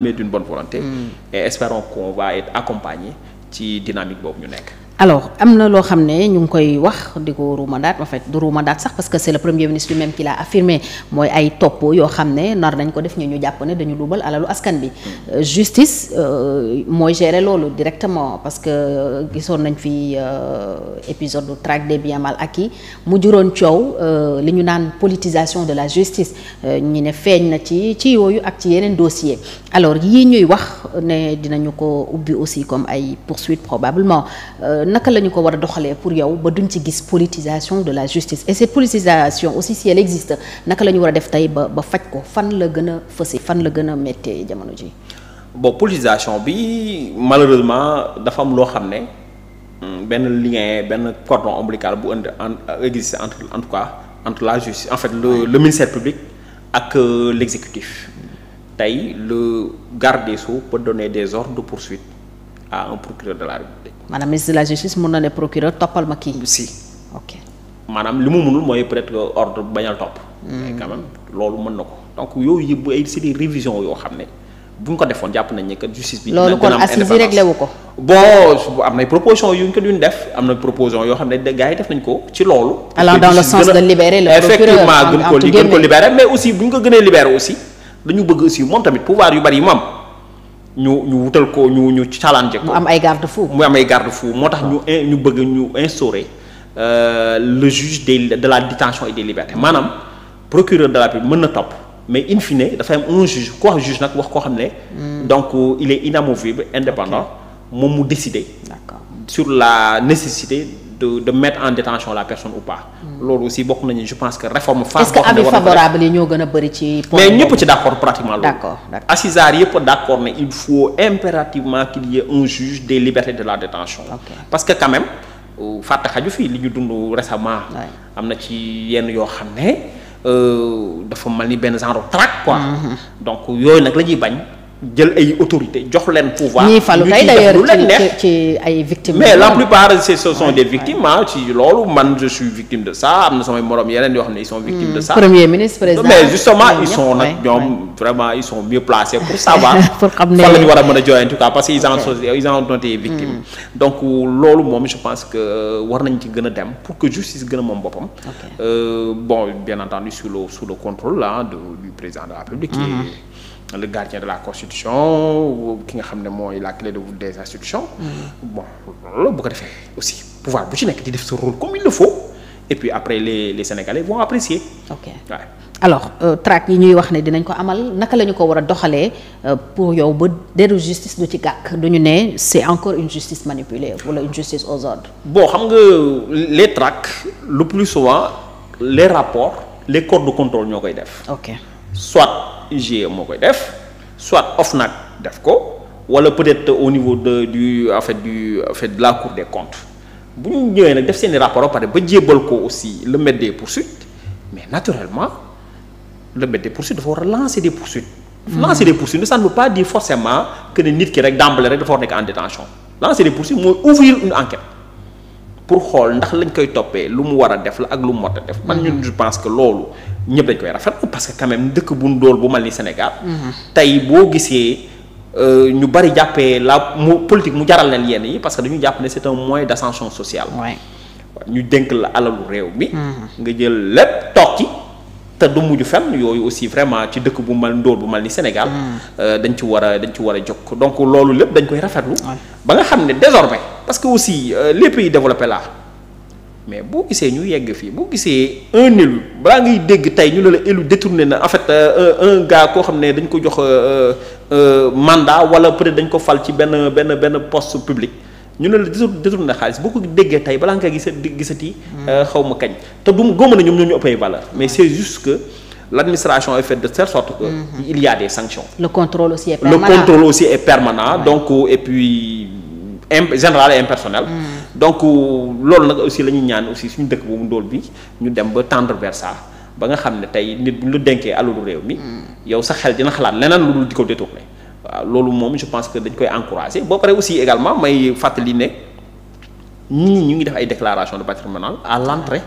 mais d'une bonne volonté. Mm. et espérons qu'on va être accompagné ci dynamique boobu ñu nekk. alors am na loo xam ne ñu ngi koy wax di ko ruumandaat en fait du ruumandaat sax parce que c'est le premier ministre lui-même qui l'a affirmé mooy ay topp yoo xam ne nar nañ ko def ñu ñu jàpp ne dañu duubal alalu askan bi euh, justice euh, mooy gérer directement parce que gisoon nañ fi euh, épisode du traque des biens mal acquis mu juróon coow li ñu naan politisation de la justice ñu ne feeñ na ci ci yooyu ak ci yeneen dossier alors yii ñuy wax ne dinañu ko ubbi aussi comme ay poursuites probablement naka la ñu ko war a doxalee pour yow ba duñ ci gis politisation de la justice et cette politisation aussi si existe naka la ñu war a def tey ba ba faj ko fan la gën a fëse fan la gën a méttee jamono ji bon politisation bi malheureusement dafa am loo xam ne hmm, benn lien benn cordon ombilical bu ënd existe entre en tout cas entre la justice en fait le, le ministère public ak euh, l'exécutif tey le garde des Sceaux peut donner des ordres de poursuite à un procureur de la République. maanaam ministre de la justice mun na ne procureur toppal ma kii. si ok maanaam li mu mënul mooy peut-être ordre bañal topp. Hmm. loolu mën na ko donc yooyu yëpp bu ay c'est des révisions yoo xam ne bu ñu ko defoon jàpp nañ ne que justice bi. loolu kon assise yi def yoo xam ne gars yi nañ ko ci loolu. allant dans le sens de libérer le procureur effectivement gën ko gën ko libérer mais aussi bu ñu ko gënee libérer aussi dañu bëgg aussi moom tamit pouvoir yu bari yu mu ñu ñu wutal ko ñu ñu challenge ko. mu am ay garde fou mu am ay garde fou moo tax ñu ah. ñu bëgg ñu instaurer euh, le juge des de la détention et des libertés maanaam procureur de la République mën na topp mais in fine dafa am un juge ku wax juge nag wax koo xam ne. Hmm. donc il est inamovible indépendant moom mu décider. sur la nécessité. de de mettre en détention la personne ou pas. Hmm. loolu aussi bokk nañu je pense que réforme. phase boo xam ne est a bëri ci. mais ñëpp ci d'accord pratiquement loolu. d'accord d'accord assisaar d'accord ne il faut impérativement qu'il y ait un juge des libertés de la détention parce que quand même euh, fàtte xaju fii li ñu dund récemment. am na ci yenn yoo xam ne euh, dafa mel ni benn genre traque quoi. Mm-hmm. donc yooyu nag la ñuy bañ. jël ay autorité jox leen pouvoir. ñuy falu tey d'ailleurs ci ci ay victimes. mais la plupart ce sont des victimes ci loolu man je suis victime de ça am na samay morom yeneen yoo xam ne ils sont victimes de hmm. ça. premier ministre président mais justement ils sont nag ñoom vraiment ils sont mieux placés pour savoir. pour xam ne fan la ñu war a mën a jooy en tout cas parce que ils en sont ils en ont hmm. donc loolu moom je pense que euh, war nañ ci gën a dem pour que justice moom boppam. Euh, bon bien entendu sous le sous le contrôle le gardien de la constitution ki nga xam ne mooy la clé de voûte des institutions. Mm. bon loolu bu ko defee aussi pouvoir bu ci nekk di def sa rôle comme il le faut et puis après les les sénégalais vont apprécier. ok ouais. alors euh, track yi ñuy wax ne dinañ ko amal naka lañu ko war a doxalee euh, pour yow ba déru justice du ci gàkk du ne c'est encore une justice manipulée wala une justice aux ordres. bon xam nga les tracts le plus souvent les rapports les corps de contrôle ñoo koy def. ok IGE moo koy def soit OFNAC def ko wala peut-être au niveau de du en fait du en fait la cour des comptes bu ñu ñëwee nag def seen i rapport ba pare ba jébbal ko aussi le maître des poursuites mais naturellement le maître des poursuites dafa war a lancer des poursuites. Hmm. lancer des poursuites ça ne veut pas dire forcément que ne nit ki rek d'emblée rek dafa war nekk en détention lancer des poursuites mooy ouvrir une enquête. pour xool ndax lañ koy toppee lu mu war a def la ak lu mu mot a def. man ñun mhm. je pense que loolu ñëpp dañ koy rafetlu parce que quand dëkk bu ndóol bu mel ni Sénégal. Mhm. tey boo gisee euh, ñu bari jàppee la mu politique mu jaral leen yenn yi parce que dañu jàpp ne c'est un moyen d'ascension sociale. ñu dénk la alalu réew mi. Mhm. nga jël lépp toog te du mujj fenn yooyu aussi vraiment ci dëkk bu mal ndóol bu mal ni Sénégal. Euh, dañ ci war a dañ ci war a jokk donc loolu lépp dañ koy rafetlu. ba nga xam ne désormais parce que aussi euh, les pays développés là mais boo gisee ñu yegg fii boo gisee un élu balaa ngay dégg tey ñu la la élu détourné na en fait euh, un gars koo xam ne dañ ko jox euh, euh, mandat wala peut-être dañ ko fal ci benn benn benn poste public ñu ne la détourné na xaalis boo ko déggee tey balaa nga gisa gisati. Hmm. xaw ma kañ te du góob na ñoom ñoo ñu ëppee valeur mais c'est juste que. l'administration est de telle sorte que mm -hmm. il y a des sanctions. le aussi est permanent donc et imp général et impersonnel. Mm. donc euh, loolu nag aussi la ñuy ñaan aussi suñu dëkk boobu ndóol bi ñu dem ba tendre vers ça ba nga xam ne tey nit bu ñu la dénkee réew mi. Mm. yow sa xel dina xalaat leneen lu dul di ko détourné waaw loolu moom je pense que dañu koy encouragé boo pare aussi également may fàttali ne ñi ñu ngi def ay déclaration de patrimoine à l'entrée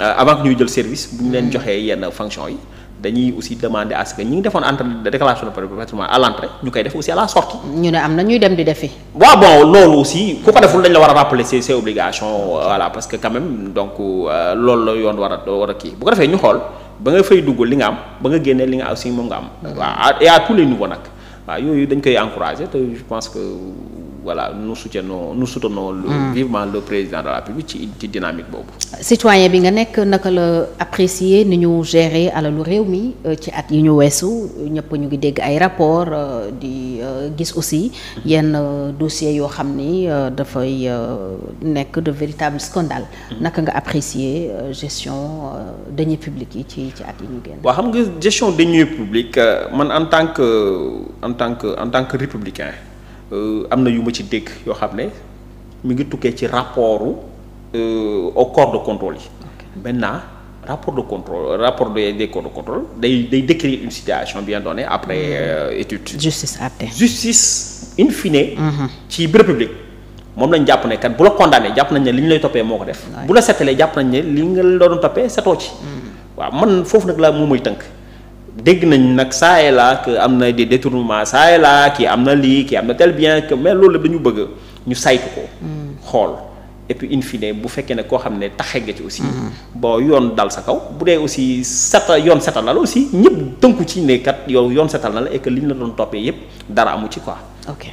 euh, avant que ñuy jël service bu ñu leen mm. joxee yenn fonction yi. dañuy aussi demander à que ñi ngi defoon entre déclaration de patrimoine à l'entrée ñu koy def aussi à la sortie. ñu ne am na ñuy dem di defi. waaw bon loolu aussi ku ko deful dañ la war a rappeler ses ses obligations euh, voilà parce que quand même donc euh, loolu la yoon war a war a kii bu ko defee ñu xool ba nga fay dugg li nga am ba nga génnee li nga aussi moom nga am. Mm-hmm. waaw et à tous les niveaux nag waaw yooyu dañ koy encourager te je pense que. voilà nous soutenons nu soutenons le, hmm. vivement le président de la République ci ci dynamique boobu. citoyen bi nga nekk naka la apprécier ni ñu gérer alalu réew mi euh, ci at yi ñu weesu ñëpp ñu ngi dégg ay rapport euh, di euh, gis aussi yenn dossier yoo xam ni dafay nekk de véritable scandale. Hmm. naka nga apprécier gestion deniers publics yi ci ci at yi ñu génn. waaw xam nga gestion deniers publics man en tant que en tant que en tant que républicain. Euh, am na yu ma ci dégg yoo xam ne mu ngi tukkee ci rapportu euh, au corps de contrôle yi maintenant rapport de contrôle rapport de des corps de contrôle day day décrire une situation bien donnée après hmm. euh, étude. justice atte justice in fine. Hmm. ci bureau public moom lañ jàpp ne kat bu la condamné jàpp nañ ne li ñu lay toppee moo ko def. bu la setalee jàpp nañ ne li nga la doon toppee setoo ci. Hmm. waaw man foofu nag laa moom mooy tënk. dégg nañ nag ça et là que am na des détournements ça et là kii am na lii ki am na tel bien que mais loolu la dañu bëgg ñu saytu ko. Mm. xool et puis in bu fekkee ne koo xam ne taxe nga ci aussi. Mm. boo yoon dal sa kaw bu dee aussi seta yoon setal na la aussi ñëpp tënku ci nekkat yow yoon satal na la et que li ñu la doon toppee yëpp dara amu ci koi ok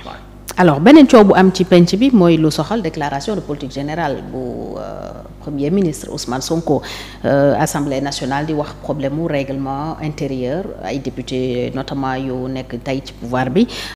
alors beneen coow bu am ci penc bi mooy lu soxal déclaration de politique générale bu euh, premier ministre Ousmane Sonko euh, assemblée nationale di wax problème mu règlement intérieur ay député notamment yu nekk tey ci pouvoir bi